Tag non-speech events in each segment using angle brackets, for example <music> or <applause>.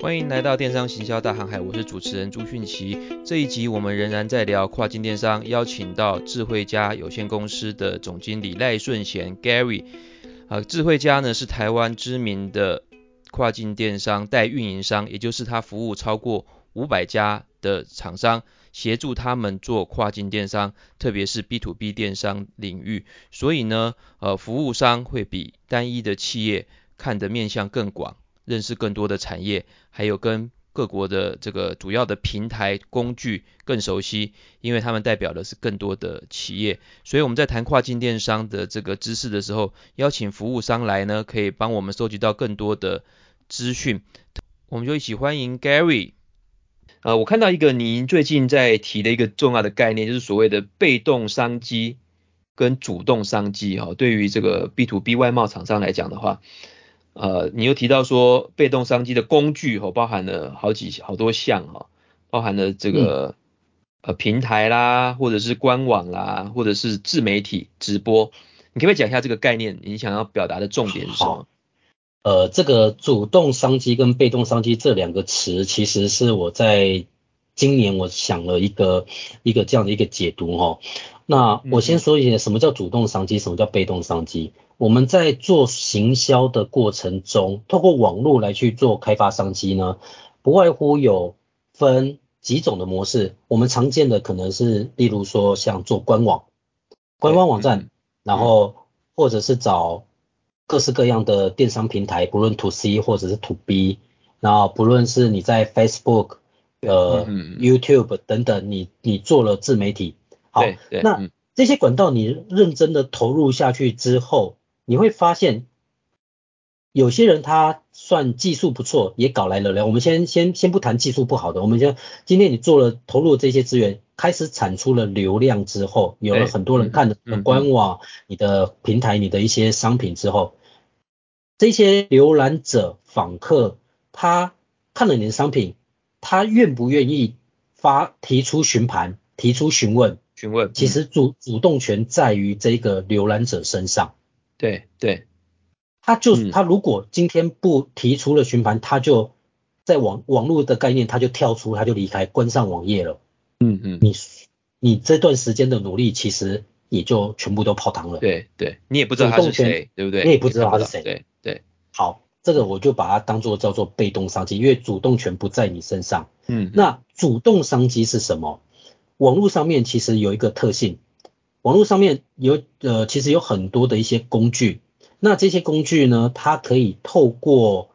歡迎來到電商行銷大航海，我是主持人朱迅奇。這一集我們仍然在聊跨境電商，邀請到智匯家有限公司的總經理賴順賢 Gary。呃，智匯家呢，是台灣知名的跨境電商代運營商，也就是他服務超過五百家的廠商，協助他們做跨境電商，特別是 B to B 電商領域。所以呢，呃，服務商會比單一的企業看的面向更廣。認識更多的產業，還有跟各國的這個主要的平台工具更熟悉，因為他們代表的是更多的企業。所以我們在談跨境電商的這個知識的時候，邀請服務商來呢，可以幫我們收集到更多的資訊。我們就一起歡迎 Gary。啊、呃，我看到一個您最近在提的一個重要的概念，就是所謂的被動商機跟主動商機。哈、哦，對於這個 B to B 外貿廠商來講的話。呃，你又提到說被動商機的工具哈，包含了好幾好多項哈，包含了這個、嗯、呃平台啦，或者是官網啦，或者是自媒體直播，你可不可以講一下這個概念，你想要表達的重點是什麼？呃，這個主動商機跟被動商機這兩個詞，其實是我在今年我想了一個一個這樣的一個解讀哈。那我先說一下什麼叫主動商機，什麼叫被動商機。我們在做行銷的過程中，透過網絡來去做開發商機呢，不外乎有分幾種的模式。我們常見的可能是，例如說像做官網、官方網、網站，嗯、然後或者是找各式各樣的電商平台，不論 to C 或者是 to B，然後不論是你在 Facebook、呃、呃、嗯、YouTube 等等，你你做了自媒體，好，嗯、那這些管道你認真的投入下去之後。你會發現，有些人他算技術不錯，也搞來了來，我們先先先不談技術不好的，我們先今天你做了投入這些資源，開始產出了流量之後，有了很多人看的官網、你的平台、你的一些商品之後，這些瀏覽者、訪客，他看了你的商品，他願不願意發提出詢盤、提出詢問？詢問，其實主主動權在於這個瀏覽者身上。對對，對嗯、他就他如果今天不提出了詢盤，他就在網網絡的概念，他就跳出，他就離開，關上網頁了。嗯嗯，嗯你你這段時間的努力，其實也就全部都泡湯了。對對，你也不知道他是誰，動，對不對？你也不知道他是誰。對對，對好，這個我就把它當做叫做被動商機，因為主動權不在你身上。嗯，那主動商機是什麼？網絡上面其實有一個特性。網絡上面有呃，其實有很多的一些工具，那這些工具呢，它可以透過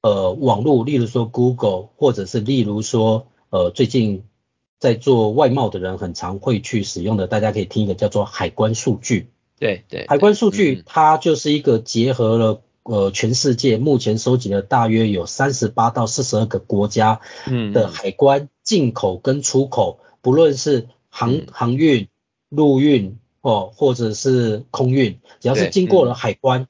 呃網絡，例如說 Google，或者是例如說呃最近在做外貿的人很常會去使用的，大家可以聽一個叫做海關數據，對對，對對，海關數據它就是一個結合了、嗯、呃全世界目前收集了大約有三十八到四十二個國家的海關進口跟出口，嗯嗯、不論是航、嗯、航運陸運哦，或者是空運，只要是經過了海關，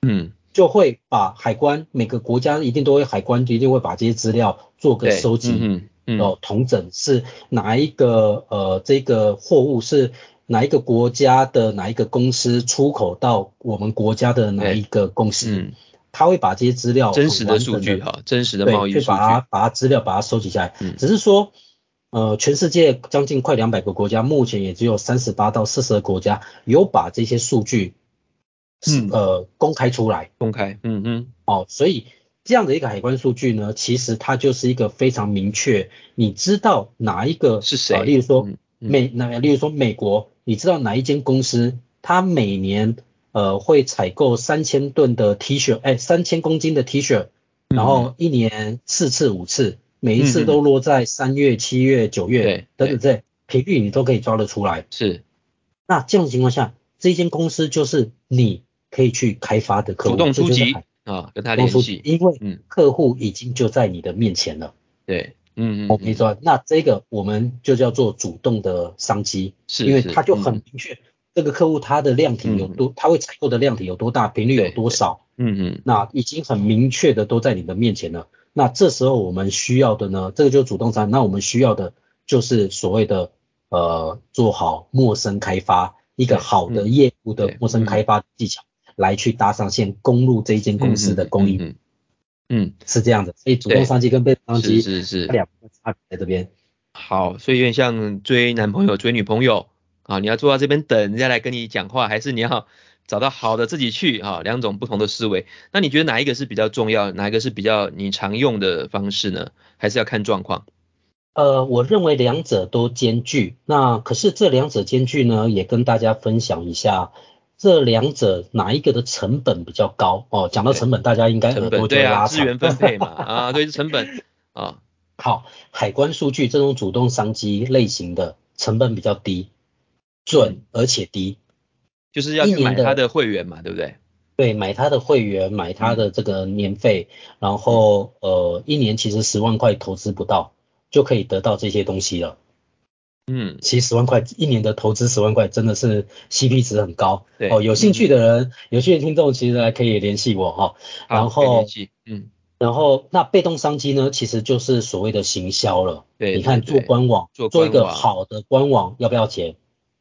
嗯，嗯，就會把海關，每個國家一定都會海關，就一定會把這些資料做個收集，嗯嗯，嗯哦，統整是哪一個呃這個貨物是哪一個國家的哪一個公司出口到我們國家的哪一個公司，嗯對，他會把這些資料真實的數據哈，真實的貿易數據把它把它資料把它收集下來，嗯，只是說。呃，全世界將近快兩百個國家，目前也只有三十八到四十個國家有把這些數據，呃，嗯、公開出來。公開。嗯嗯。哦，所以這樣的一個海關數據呢，其實它就是一個非常明確，你知道哪一個是誰、呃？例如說美，那、嗯嗯、例如說美國，你知道哪一間公司，它每年呃會採購三千噸的 T 恤，哎，三千公斤的 T 恤，然後一年四次五次。嗯每一次都落在三月、七月、九月等等，對，頻率你都可以抓得出來。是，那這樣的情況下，這間公司就是你可以去開發的客戶，主動出擊啊，跟他聯繫，因為客戶已經就在你的面前了。對，嗯嗯，沒說。那這個我們就叫做主動的商機，是，因為他就很明確，這個客戶他的量體有多，他會採購的量體有多大，頻率有多少？嗯嗯，那已經很明確的都在你的面前了。那這時候我們需要的呢，這個就是主動商。那我們需要的就是所謂的呃，做好陌生開發，一個好的業務的陌生開發技巧，來去搭上線，攻入這一間公司的供應、嗯。嗯，嗯嗯是這樣的，所以主動商機跟被動商機對是是兩個差別在這邊。好，所以有點像追男朋友追女朋友啊，你要坐到這邊等人家來跟你講話，還是你要。找到好的自己去啊，兩種不同的思維，那你覺得哪一個是比較重要，哪一個是比較你常用的方式呢？還是要看狀況？呃，我認為兩者都兼具。那可是這兩者兼具呢，也跟大家分享一下，這兩者哪一個的成本比較高？哦，講到成本，成本大家應該耳朵就拉長。對啊，資源分配嘛， <laughs> 啊，對，成本啊。哦，好，海關數據這種主動商機類型的成本比較低，準而且低。就是要買他的會員嘛，對不對？對，買他的會員，買他的這個年費，然後呃，一年其實十萬塊投資不到，就可以得到這些東西了。嗯，其實十萬塊，一年的投資十萬塊真的是 CP 值很高。對，哦，有興趣的人，有興趣的聽眾，其實還可以聯繫我哈。好，可以聯繫。然後，嗯，然後那被動商機呢，其實就是所謂的行銷了。對，你看做官網，做做一個好的官網要不要錢？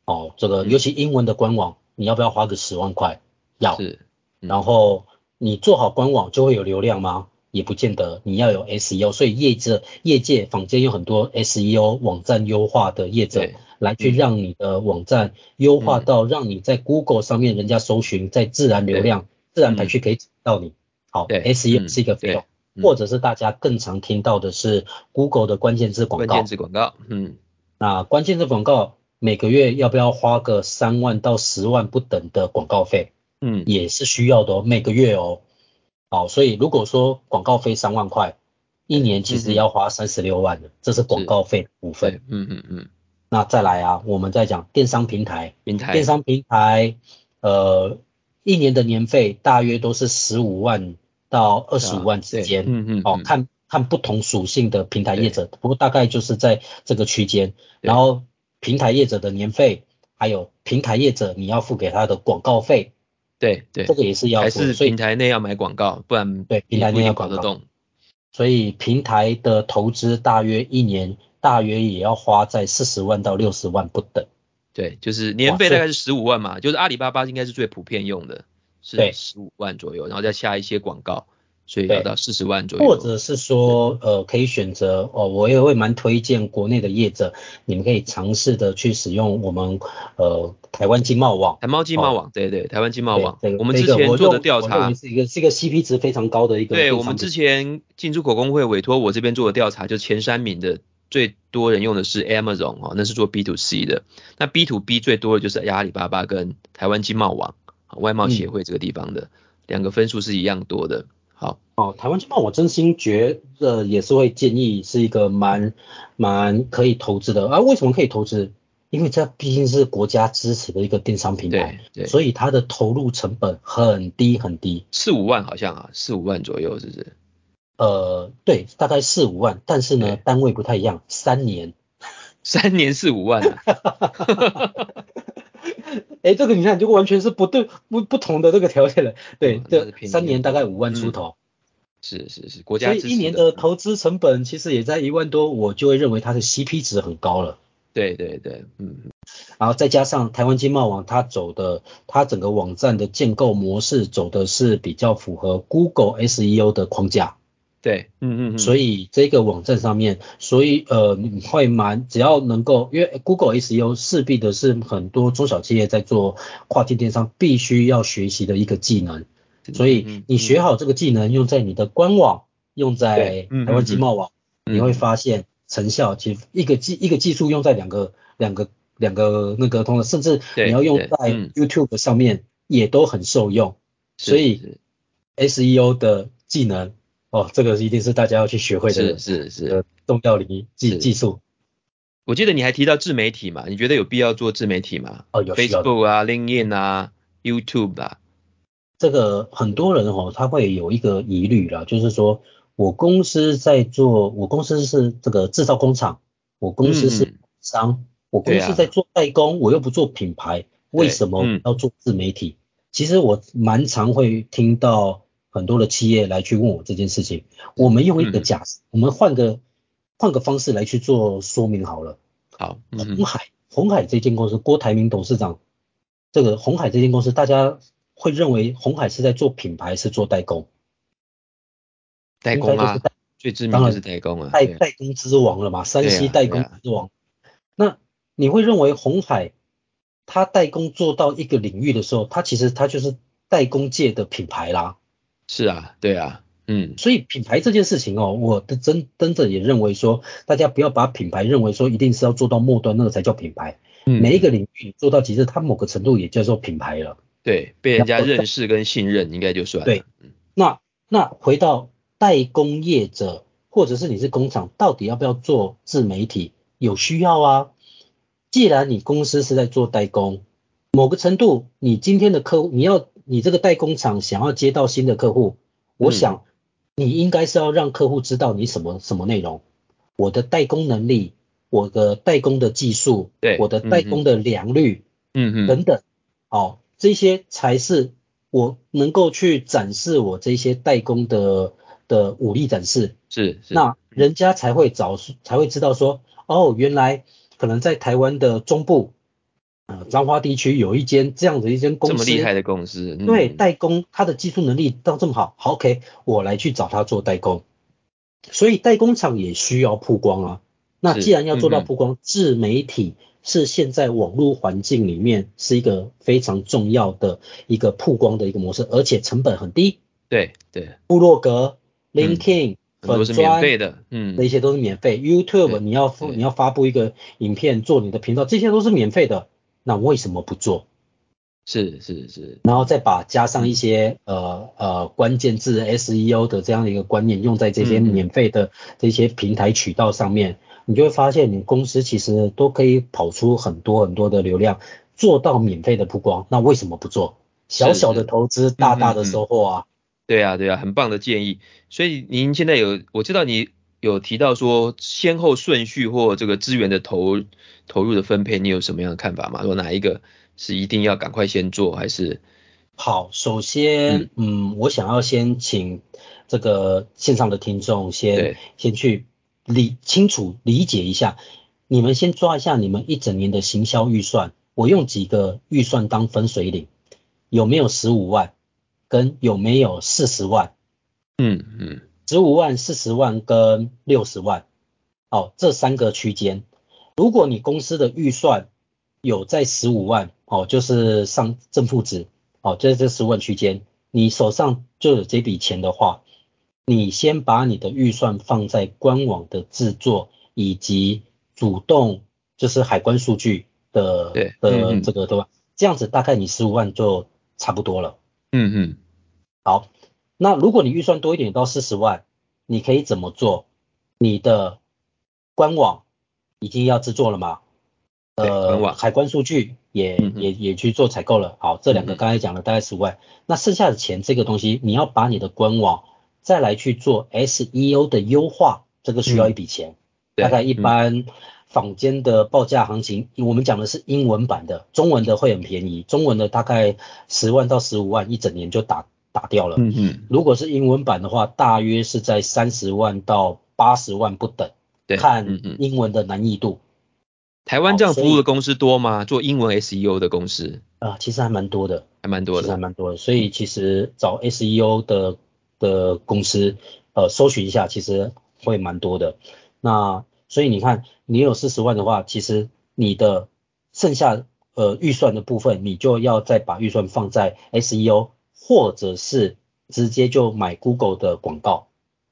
哦，這個尤其英文的官網。你要不要花個十萬塊？要是，嗯、然後你做好官網就會有流量嗎？也不見得。你要有 SEO，所以業者、業界坊間有很多 SEO 網站優化的業者，來去讓你的網站優化到讓你在 Google 上面人家搜尋在、嗯、自然流量、嗯、自然排序可以導到你。好，SEO 是一個費用，嗯、或者是大家更常聽到的是 Google 的關鍵字廣告。關鍵字廣告，嗯，那關鍵字廣告。每個月要不要花個三萬到十萬不等的廣告費？嗯，也是需要的、哦、每個月哦。好、哦，所以如果說廣告費三萬塊，一年其實要花三十六萬的，嗯、這是廣告費部分。嗯嗯嗯。嗯嗯那再來啊，我們再講電商平台，平台電商平台，呃，一年的年費大約都是十五萬到二十五萬之間、啊。嗯嗯。哦，看看不同屬性的平台業者，不過對對大概就是在這個區間，對然後。平台業者的年費，還有平台業者你要付給他的廣告費，對對，這個也是要，還是平台內要買廣告，以不然對，平台內要搞得動。所以平台的投資大約一年大約也要花在四十萬到六十萬不等，對，就是年費大概是十五萬嘛，就是阿里巴巴應該是最普遍用的，是十五萬左右，對然後再下一些廣告。所以要到四十萬左右，或者是說，呃，可以選擇哦，我也會蠻推薦國內的業者，你們可以嘗試的去使用我們呃台灣經貿網，台灣經貿網，哦、對，對對，台灣經貿網，對對對，我們之前做的調查，這是一個是一個 CP 值非常高的一個，對，我們之前進出口公會委托我這邊做的調查，就前三名的最多人用的是 Amazon 哦，那是做 B to C 的，那 B to B 最多的就是阿阿里巴巴跟台灣經貿網，外貿協會這個地方的兩、嗯、個分數是一樣多的。好哦，台灣經貿我真心覺得，呃，也是會建議是一個蠻蠻可以投資的啊。為什麼可以投資？因為這畢竟是國家支持的一個電商平台，對，對，所以它的投入成本很低很低，四五萬好像啊，四五萬左右是不是？呃，對，大概四五萬，但是呢，對，單位不太一樣，三年。三年四五萬啊。哎、欸，這個你看，就完全是不對，不，不同的這個條件了。對對，哦、三年大概五萬出頭、嗯。是是是，國家。所以一年的投資成本其實也在一萬多，我就會認為它的 CP 值很高了。嗯、對對對，嗯。然後再加上台灣經貿網，它走的，它整個網站的建構模式走的是比較符合 Google SEO 的框架。對，嗯嗯嗯，所以這個網站上面，所以呃你會蠻，只要能夠，因為 Google SEO 勢必的是很多中小企業在做跨境電商必須要學習的一個技能，所以你學好這個技能，用在你的官網，用在台灣經貿網，嗯嗯嗯你會發現成效。其實一個技一個技術用在兩個兩個兩個那個通的，甚至你要用在 YouTube 上面也都很受用，所以 SEO 的技能。哦，這個一定是大家要去學會的，是是是，重要的一技技術。我記得你還提到自媒體嘛，你覺得有必要做自媒體嗎？哦，有需要。Facebook 啊，LinkedIn 啊，YouTube 啊。這個很多人哦，他會有一個疑慮啦，就是說我公司在做，我公司是這個製造工廠，我公司是商，嗯、我公司在做代工，啊、我又不做品牌，為什麼要做自媒體？嗯、其實我蠻常會聽到。很多的企業來去問我這件事情，我們用一個假設，嗯、我們換個換個方式來去做說明好了。好，鴻、嗯、海鴻海這間公司，郭台銘董事長，這個鴻海這間公司，大家會認為鴻海是在做品牌，是做代工？代工啊，就代最知名的，然是代工啊，代然對代工之王了嘛，3C 代工之王。啊啊、那你會認為鴻海他代工做到一個領域的時候，他其實他就是代工界的品牌啦。是啊，對啊，嗯，所以品牌這件事情哦，我的真真正也認為說，大家不要把品牌認為說一定是要做到末端那個才叫品牌，嗯，每一個領域做到其實它某個程度也叫做品牌了。對，被人家認識跟信任應該就算了。對，那那回到代工業者或者是你是工廠，到底要不要做自媒體？有需要啊，既然你公司是在做代工，某個程度你今天的客戶你要。你這個代工廠想要接到新的客戶，嗯、我想你應該是要讓客戶知道你什麼什麼內容，我的代工能力，我的代工的技術，對，我的代工的良率。嗯哼嗯哼，等等，好、哦，這些才是我能夠去展示我這些代工的的武力展示，是，是，那人家才會找才會知道說，哦，原來可能在台灣的中部，彰化地區有一間這樣子的一間公司，這麼厲害的公司，對代工，他的技術能力到這麼好，好，OK，我來去找他做代工。所以代工廠也需要曝光啊。那既然要做到曝光，是自媒體是現在網絡環境裡面是一個非常重要的一個曝光的一個模式，而且成本很低。對對，部落格、LinkedIn 和很多是免費的，嗯，那些都是免費。YouTube，你要付對你要發布一個影片做你的頻道，這些都是免費的。那為什麼不做？是是是，然後再把加上一些呃呃關鍵字 SEO 的這樣的一個觀念用在這些免費的這些平台渠道上面，你就會發現你公司其實都可以跑出很多很多的流量，做到免費的曝光。那為什麼不做？小小的投資，大大的收穫啊，是是是，嗯嗯嗯！對啊對啊，很棒的建議。所以您現在有，我知道你。有提到說先後順序或這個資源的投投入的分配，你有什麼樣的看法嗎？說哪一個是一定要趕快先做，還是？好，首先，嗯，嗯，我想要先請這個線上的聽眾先對先去理清楚理解一下，你們先抓一下你們一整年的行銷預算，我用幾個預算當分水嶺，有沒有十五萬跟有沒有四十萬？嗯嗯。嗯十五萬、四十萬跟六十萬，哦，這三個區間。如果你公司的預算有在十五萬，哦，就是上正負值，哦，就在這這十五萬區間，你手上就有這筆錢的話，你先把你的預算放在官網的製作以及主動就是海關數據的對、嗯、的這個對吧？這樣子大概你十五萬就差不多了。嗯嗯哼，好。那如果你預算多一點到四十萬，你可以怎麼做？你的官網已經要制作了嗎？呃，網海關數據也、嗯、哼也也去做採購了。好，這兩個剛才講了大概十五萬，嗯、哼那剩下的錢這個東西，你要把你的官網再來去做 SEO 的優化，這個需要一筆錢，嗯、大概一般坊間的報價行情，嗯、我們講的是英文版的，中文的會很便宜，中文的大概十萬到十五萬一整年就打。打掉了，嗯嗯，如果是英文版的話，大約是在三十萬到八十萬不等，對，看英文的難易度。台灣這樣服務的公司多嗎？做英文 SEO 的公司啊，其實還蠻多的，還蠻多的，還蠻多的。所以其實找 SEO 的的公司，呃，搜尋一下，其實會蠻多的。那所以你看，你有四十萬的話，其實你的剩下呃預算的部分，你就要再把預算放在 SEO。或者是直接就買 Google 的廣告，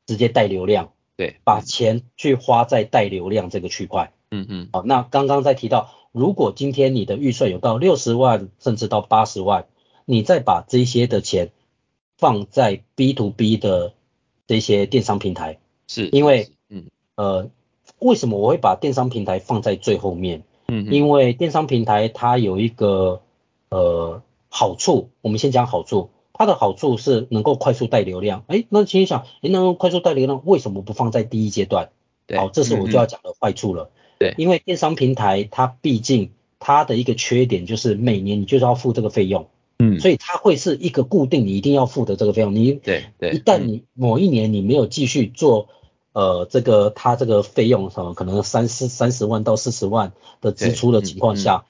直接帶流量，對，把錢去花在帶流量這個區塊，嗯嗯哼，好，那剛剛在提到，如果今天你的預算有到六十萬，甚至到八十萬，你再把這些的錢放在 B to B 的這些電商平台，是因為，嗯，呃，為什麼我會把電商平台放在最後面？嗯哼，因為電商平台它有一個呃好處，我們先講好處。它的好處是能夠快速帶流量，哎、欸，那請你想，哎、欸，那快速帶流量為什麼不放在第一階段？對好，這是我就要講的壞處了。對，因為電商平台它畢竟它的一個缺點就是每年你就是要付這個費用，嗯，所以它會是一個固定你一定要付的這個費用。你對對，一旦你某一年你沒有繼續做，呃，這個它這個費用什麼，可能三四三十萬到四十萬的支出的情況下，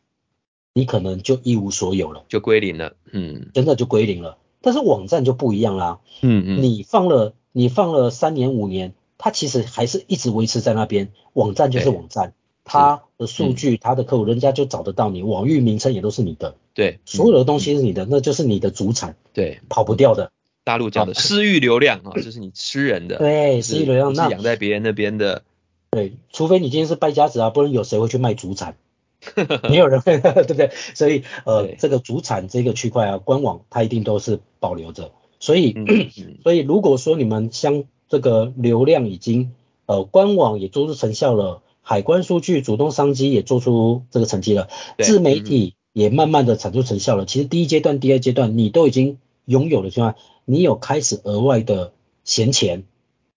對你可能就一無所有了，就歸零了，嗯，真的就歸零了。但是網站就不一樣啦，嗯嗯，你放了你放了三年五年，它其實還是一直維持在那邊。網站就是網站，它對的數據、它、嗯、的客戶，人家就找得到你。網域名稱也都是你的，對，所有的東西是你的，嗯、那就是你的祖產，對，跑不掉的。大陸叫的私域流量啊，就是你吃人的，對，是私域流量那是養在別人那邊的那，對，除非你今天是敗家子啊，不然有誰會去賣祖產？ <laughs> 沒有人會， <laughs> 對不對？所以呃，對這個主產這個區塊啊，官網它一定都是保留着。所以、嗯嗯、所以如果說你們像這個流量已經呃官網也做出成效了，海關數據主動商機也做出這個成績了，對自媒體也慢慢的產出成效了。嗯、其實第一階段、第二階段你都已經擁有了，就像你有開始額外的閒錢，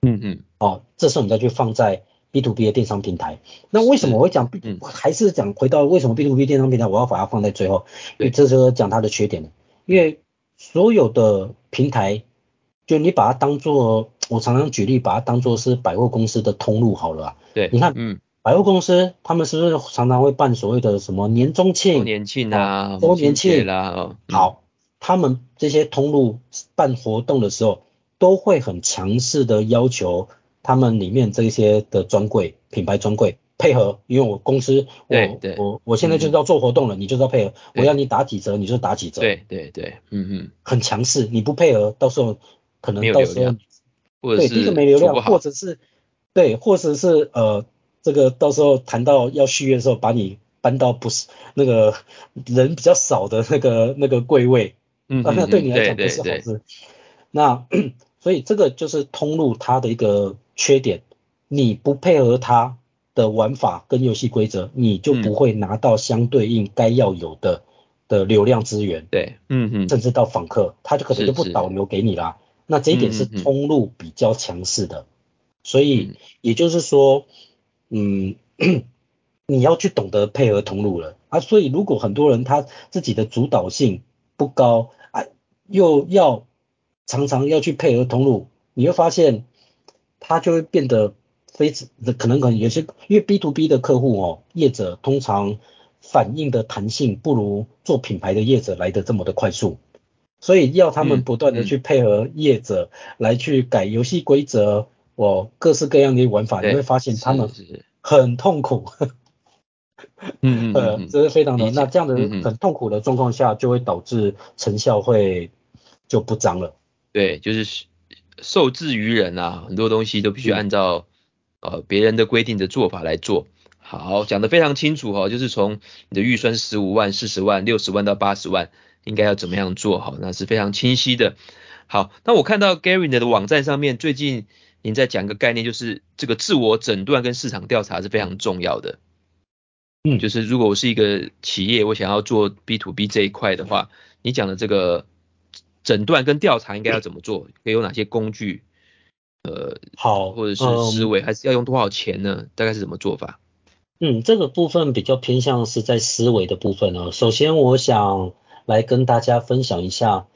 嗯嗯，嗯哦，這時候我們再去放在。B to B 的電商平台，那為什麼我會講，是嗯、還是講回到為什麼 B to B 電商平台，我要把它放在最後，因為對這是講它的缺點。因為所有的平台，就你把它當做，我常常舉例，把它當做是百貨公司的通路好了。對，你看，嗯，百貨公司他們是不是常常會辦所謂的什麼年終慶、年慶啊？週、啊、週年慶啊、嗯、好，他們這些通路辦活動的時候，都會很強勢的要求。他們裡面這些的專櫃品牌專櫃配合，因為我公司，我我我現在就是要做活動了，你就知道配合，我要你打幾折，你就打幾折。對對對，嗯嗯，很強勢，你不配合，到時候可能到時候，對，第一個沒流量，或者是對，或者是呃，這個到時候談到要續約的時候，把你搬到不是那個人比較少的那個那個櫃位，嗯嗯對你來講不是好事。那。所以這個就是通路它的一個缺點，你不配合它的玩法跟遊戲規則，你就不會拿到相對應該要有的的流量資源，對，嗯嗯，甚至到訪客，它就可能就不導流給你啦。那這一點是通路比較強勢的，所以也就是說，嗯，你要去懂得配合通路了啊。所以如果很多人他自己的主導性不高啊，又要。常常要去配合通路，你會發現他就會變得非常可能，可能有些因為 B to B 的客戶哦，業者通常反應的彈性不如做品牌的業者來得這麼的快速，所以要他們不斷的去配合業者來去改遊戲規則，我、嗯嗯哦、各式各樣的玩法，欸、你會發現他們很痛苦。嗯嗯，這、嗯嗯呃、是非常的。想那這樣的很痛苦的狀況下，嗯嗯、就會導致成效會就不彰了。對，就是受制於人啊，很多東西都必須按照呃別人的規定的做法來做。好，講得非常清楚哦，就是從你的預算十五萬、四十萬、六十萬到八十萬，應該要怎麼樣做哈，那是非常清晰的。好，那我看到 Gary 的網站上面最近您在講一個概念，就是這個自我診斷跟市場調查是非常重要的。嗯，就是如果我是一個企業，我想要做 B to B 這一塊的話，你講的這個。診斷跟調查應該要怎麼做？可以用哪些工具？呃，好，或者是思維，還是要用多少錢呢？大概是怎麼做法？嗯，這個部分比較偏向是在思維的部分呢、啊。首先，我想來跟大家分享一下，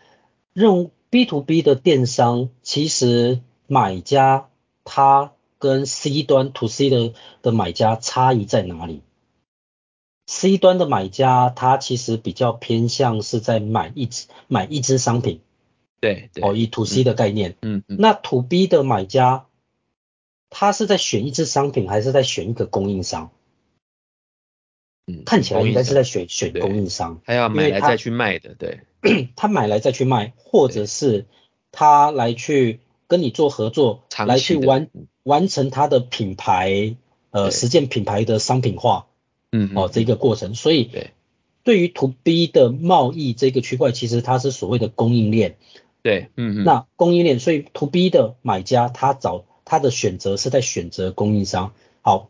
任 B to B 的電商，其實買家他跟 C 端 to C 的的買家差異在哪裡？C 端的買家，他其實比較偏向是在買一支買一支商品，對對，哦，以 to C 的概念，嗯嗯。嗯嗯，那 to B 的買家，他是在選一支商品，還是在選一個供應商？嗯，看起來應該是在選供選供應商，他要買來再去賣的，對。 <coughs> 他買來再去賣，或者是他來去跟你做合作，來去完完成他的品牌，呃，對實踐品牌的商品化。嗯，哦，這個過程，所以對於圖 B 的貿易這個區塊，其實它是所謂的供應鏈。對，嗯嗯。那供應鏈，所以圖 B 的買家他找他的選擇是在選擇供應商。好，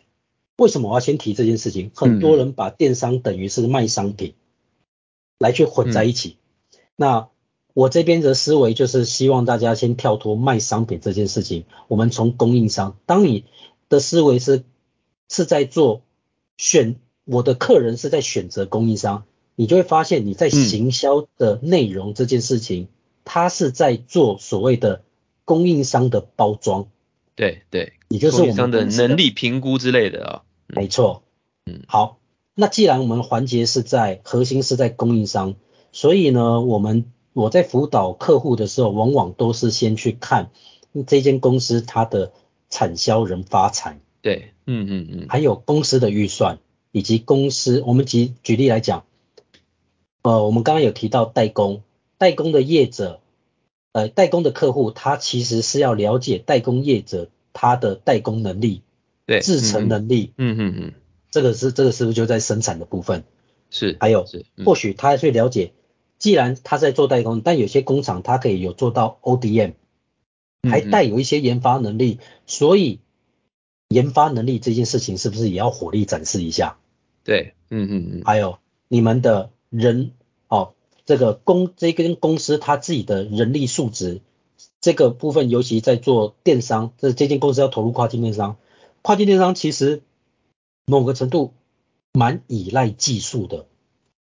為什麼我要先提這件事情？很多人把電商等於是賣商品來去混在一起。對那我這邊的思維就是希望大家先跳脫賣商品這件事情，我們從供應商，當你的思維是是在做選。我的客人是在選擇供應商，你就會發現你在行銷的內容這件事情，他、嗯、是在做所謂的供應商的包裝。對對，也就是我們的，供應商的能力評估之類的啊。沒錯。嗯。錯嗯好，那既然我們的環節是在核心是在供應商，所以呢，我們我在輔導客戶的時候，往往都是先去看這間公司它的產銷人發財。對。嗯嗯嗯。還有公司的預算。以及公司，我們舉舉例來講，呃，我們剛剛有提到代工，代工的業者，呃，代工的客戶，他其實是要了解代工業者他的代工能力，對，製程能力，嗯嗯嗯，嗯嗯嗯這個是這個是不是就在生產的部分？是，還有，是嗯、或許他要去了解，既然他在做代工，但有些工廠他可以有做到 ODM，還帶有一些研發能力，嗯、所以研發能力這件事情是不是也要火力展示一下？對，嗯嗯嗯，還有你們的人，哦，這個公這間公司他自己的人力素質，這個部分尤其在做電商，這這間公司要投入跨境電商，跨境電商其實某個程度蠻依賴技術的，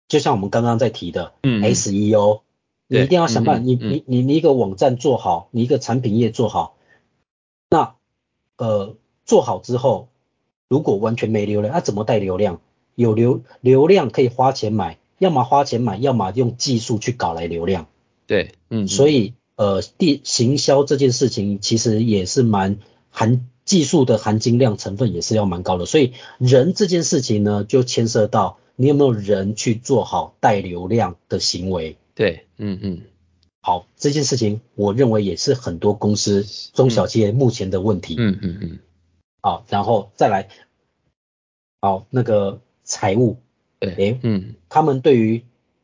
就像我們剛剛在提的 o, 嗯，嗯，SEO，你一定要想辦法，對你嗯嗯嗯你你，你一個網站做好，你一個產品頁做好，那呃做好之後，如果完全沒流量，那、啊、怎麼帶流量？有流流量可以花錢買，要麼花錢買，要麼用技術去搞來流量。對，嗯，所以呃，第行銷這件事情其實也是蠻含技術的含金量成分也是要蠻高的，所以人這件事情呢，就牽涉到你有沒有人去做好帶流量的行為。對，嗯嗯，好，這件事情我認為也是很多公司中小企業目前的問題。嗯嗯嗯，嗯嗯嗯好，然後再來，好那個。財務，哎、欸，嗯，他們對於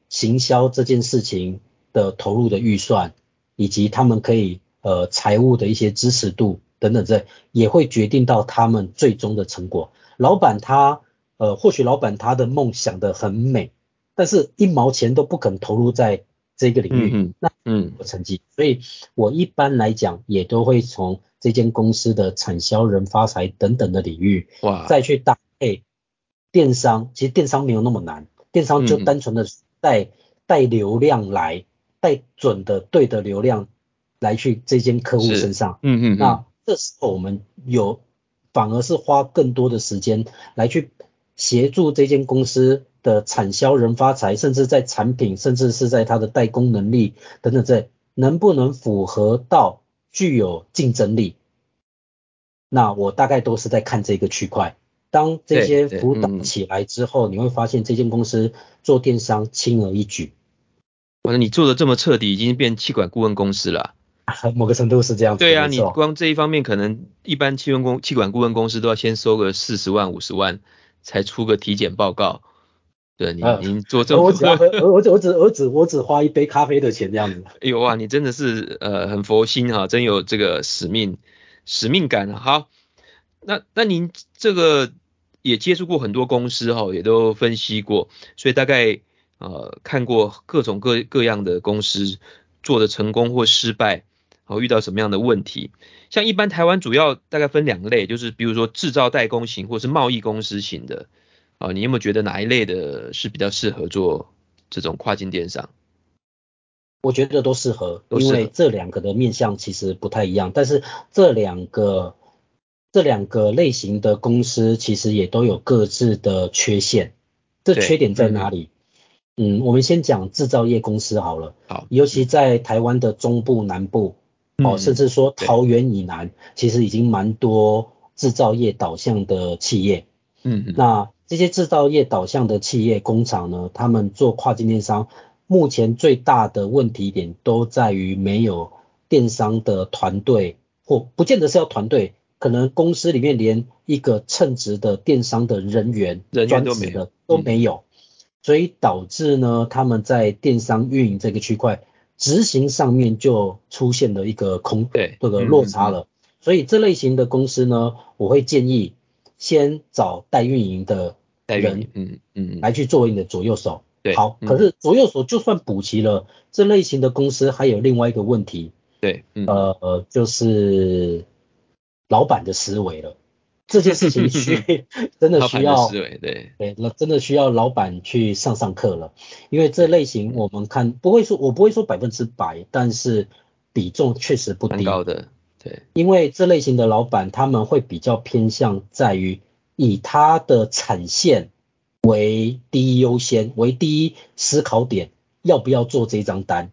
行銷這件事情的投入的預算，以及他們可以呃財務的一些支持度等等，這也會決定到他們最終的成果。老闆他呃，或許老闆他的夢想的很美，但是一毛錢都不肯投入在這個領域，那嗯，那有成績。嗯、所以我一般來講也都會從這間公司的產銷人發財等等的領域哇再去搭。電商其實電商沒有那麼難，電商就單純的帶、嗯、帶流量來，帶準的對的流量來去這間客戶身上。嗯嗯嗯。嗯那這時候我們有反而是花更多的時間來去協助這間公司的產銷人發財，甚至在產品，甚至是在它的代工能力等等這，在能不能符合到具有競爭力？那我大概都是在看這個區塊。當這些服務導起來之後，對對對，嗯、你會發現這間公司做電商輕而易舉。反正你做的這麼徹底，已經變企管顧問公司了、啊。某個程度是這樣子。對啊，你光這一方面，可能一般企管公企管顧問公司都要先收個四十萬五十萬才出個體檢報告。對，您、呃、您做這麼我 <laughs> 我，我只我只我只我只我只花一杯咖啡的錢這樣子。哎呦哇，你真的是呃很佛心哈、啊，真有這個使命使命感啊。好，那那您這個。也接觸過很多公司哈，也都分析過，所以大概呃看過各種各各樣的公司做的成功或失敗，然後遇到什麼樣的問題。像一般台灣主要大概分兩類，就是比如說製造代工型或是貿易公司型的，啊、呃，你有沒有覺得哪一類的是比較適合做這種跨境電商？我覺得都適合，因為這兩個的面向其實不太一樣，但是這兩個。這兩個類型的公司其實也都有各自的缺陷，這缺點在哪裡？嗯，我們先講製造業公司好了，好，尤其在台灣的中部、南部，嗯、哦，甚至說桃園以南，對其實已經蠻多製造業導向的企業，嗯，那這些製造業導向的企業工廠呢，他們做跨境電商，目前最大的問題點都在於沒有電商的團隊，或不見得是要團隊。可能公司裡面連一個稱職的電商的人員，專職的都沒有，嗯、所以導致呢，他們在電商運營這個區塊執行上面就出現了一個空，對，這個落差了。嗯嗯，所以這類型的公司呢，我會建議先找代運營的人，嗯嗯，來去作為你的左右手，對，好。嗯、可是左右手就算補齊了，這類型的公司還有另外一個問題，對，嗯、呃，就是。老闆的思維了，這些事情需真 <laughs> 的需要思維對對對，真的需要老闆去上上課了，因為這類型我們看不會說，我不會說百分之百，但是比重確實不低很高的，對，因為這類型的老闆他們會比較偏向在於以他的產線為第一優先，為第一思考點，要不要做這張單？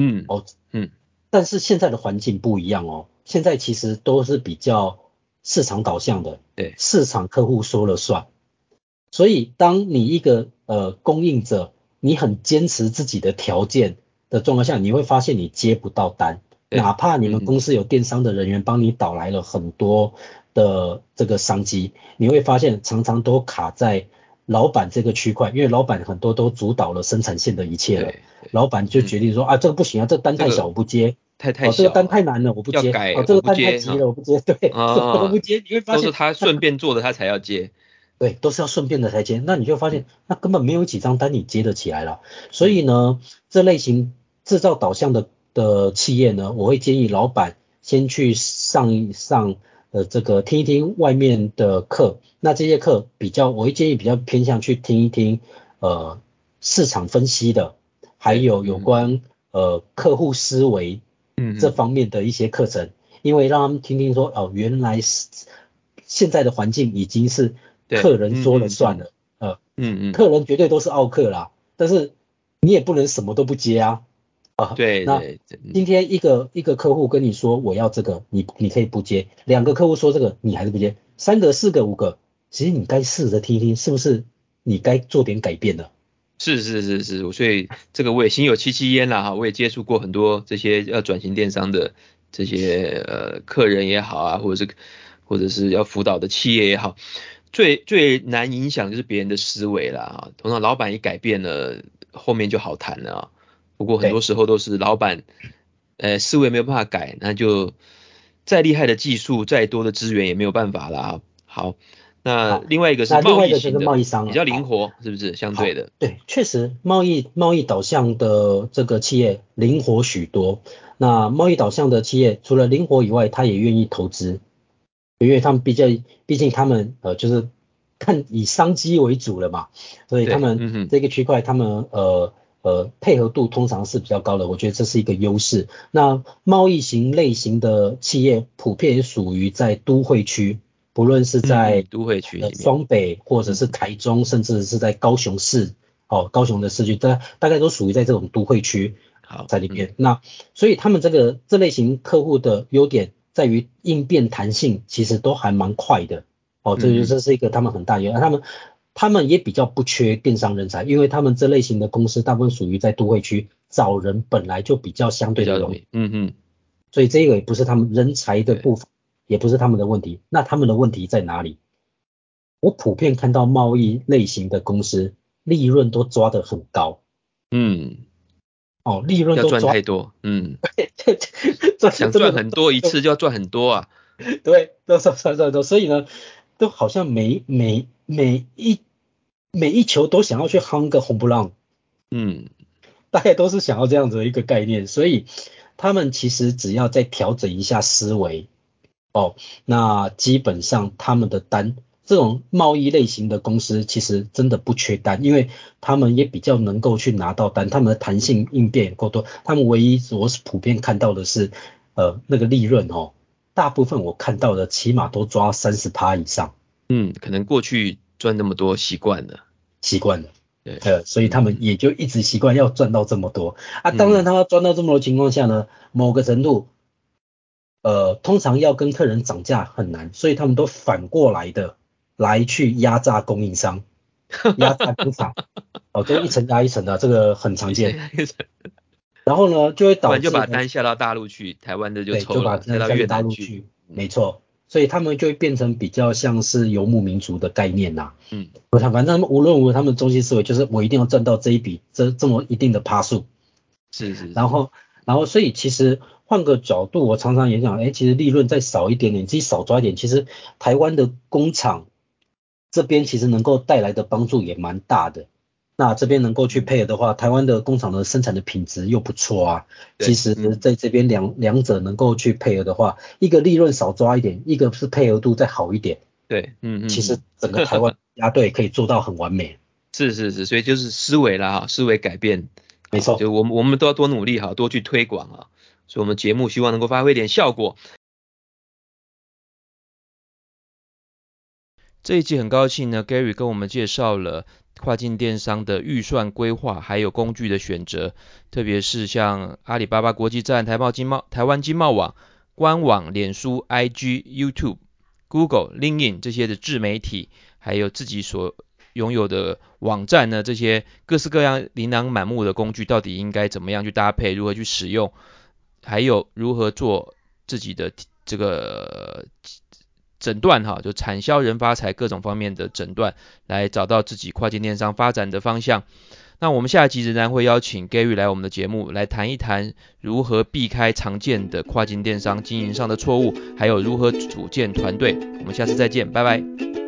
嗯、哦、嗯。嗯但是現在的環境不一樣哦，現在其實都是比較市場導向的，對市場客戶說了算。所以，當你一個呃供應者，你很堅持自己的條件的狀況下，你會發現你接不到單，對哪怕你們公司有電商的人員幫你導來了很多的這個商機，你會發現常常都卡在。老闆這個區塊，因為老闆很多都主導了生產線的一切了，老闆就決定說、嗯、啊，這個不行啊，這個、單太小，這個、我不接，太太小、啊，這個單太難了，我不接，改啊、這個單太急了，啊、我不接，對，啊啊啊 <laughs> 我都不接。你會發現是他順便做的，他才要接、啊。對，都是要順便的才接。那你就發現，那根本沒有幾張單你接得起來了。所以呢，這類型製造導向的的企業呢，我會建議老闆先去上一上。呃，這個聽一聽外面的課，那這些課比較，我會建議比較偏向去聽一聽，呃，市場分析的，還有有關、嗯、呃客戶思維，嗯，這方面的一些課程，嗯嗯、因為讓他們聽聽說，哦、呃，原來是現在的環境已經是客人說了算了，嗯、呃，嗯嗯，嗯嗯客人絕對都是奧客啦，但是你也不能什麼都不接啊。啊，好對，對，對，對，那今天一個一個客戶跟你說，我要這個，你你可以不接；兩個客戶說這個，你還是不接；三個、四個、五個，其實你該試着聽聽，是不是你該做點改變了？是是是是，所以這個我也心有戚戚焉了哈。我也接觸過很多這些要轉型電商的這些呃客人也好啊，或者是或者是要輔導的企業也好，最最難影響就是別人的思維了啊。通常老板一改變了，後面就好談了啊。不過很多時候都是老闆，呃對，思維沒有辦法改，那就再厲害的技術，再多的資源也沒有辦法啦。好，那另外一個是，另外一個就是貿易商，啊，比較靈活，啊，是不是相對的？對，確實貿易貿易導向的這個企業靈活許多。那貿易導向的企業除了靈活以外，他也願意投資，因為他們比較，畢竟他們呃就是看以商機為主了嘛，所以他們對這個區塊，他們嗯哼呃。呃，配合度通常是比較高的，我覺得這是一個優勢。那貿易型類型的企業，普遍也屬於在都會區，不論是在都會區、雙北或者是台中，嗯、甚至是在高雄市，哦，高雄的市區，大大概都屬於在這種都會區，好嗯、在裡面。那所以他們這個這類型客戶的優點在於應變彈性，其實都還蠻快的。哦，這就這是一個他們很大優勢，嗯啊，他們。他們也比較不缺電商人才，因為他們這類型的公司大部分屬於在都會區，找人本來就比較相對的容易。較、嗯嗯，所以這個也不是他們人才的部分，對也不是他們的問題。那他們的問題在哪裡？我普遍看到貿易類型的公司，利潤都抓得很高。嗯，哦，利潤都賺太多。嗯，賺 <laughs> 想賺很多一次就要賺很多啊。對，都賺賺賺很多，所以呢，都好像每每每一，每一球都想要去夯個紅布浪，嗯，大概都是想要這樣子的一個概念，所以他們其實只要再調整一下思維，哦，那基本上他們的單，這種貿易類型的公司其實真的不缺單，因為他們也比較能夠去拿到單，他們的彈性應變也夠多，他們唯一我是普遍看到的是，呃，那個利潤哦，大部分我看到的起碼都抓三十趴以上，嗯，可能過去，賺那麼多習慣了，習慣了，對，呃，所以他們也就一直習慣要賺到這麼多啊。當然，他要賺到這麼多情況下呢，某個程度，呃，通常要跟客人漲價很難，所以他們都反過來的來去壓榨供應商，壓榨工廠，哦，這一層壓一層的，這個很常見。然後呢，就會導致就把單下到大陸去，台灣的就就把單下到大陸去，沒錯。所以他們就會變成比較像是游牧民族的概念吶、啊。嗯，我想反正無論我他們中心思維就是我一定要賺到這一筆這這麼一定的趴數。是是，是。然後然後所以其實換個角度，我常常也講，哎，其實利潤再少一點點，你自己少抓一點，其實台灣的工廠這邊其實能夠帶來的幫助也蠻大的。那這邊能夠去配合的話，台灣的工廠的生產的品質又不錯啊。其實在這邊兩兩者能夠去配合的話，一個利潤少抓一點，一個是配合度再好一點。對，嗯嗯。其實整個台灣鴨隊可以做到很完美。 <laughs> 是是是，所以就是思維啦，思維改變。沒錯，就我們我們都要多努力哈，多去推廣啊。所以我們節目希望能夠發揮點效果。這一集很高興呢，Gary 跟我們介紹了。跨境電商的預算規劃，還有工具的選擇，特別是像阿里巴巴國際站、台貿經貿、台灣經貿網、官網、臉書、IG、YouTube、Google、LinkedIn 這些的自媒體，還有自己所擁有的網站呢，這些各式各樣、琳琅滿目的工具，到底應該怎麼樣去搭配，如何去使用，還有如何做自己的這個。診斷哈，就產銷人發財各種方面的診斷，來找到自己跨境電商發展的方向。那我們下一集仍然會邀請 Gary 來我們的節目，來談一談如何避開常見的跨境電商經營上的錯誤，還有如何組建團隊。我們下次再見，拜拜。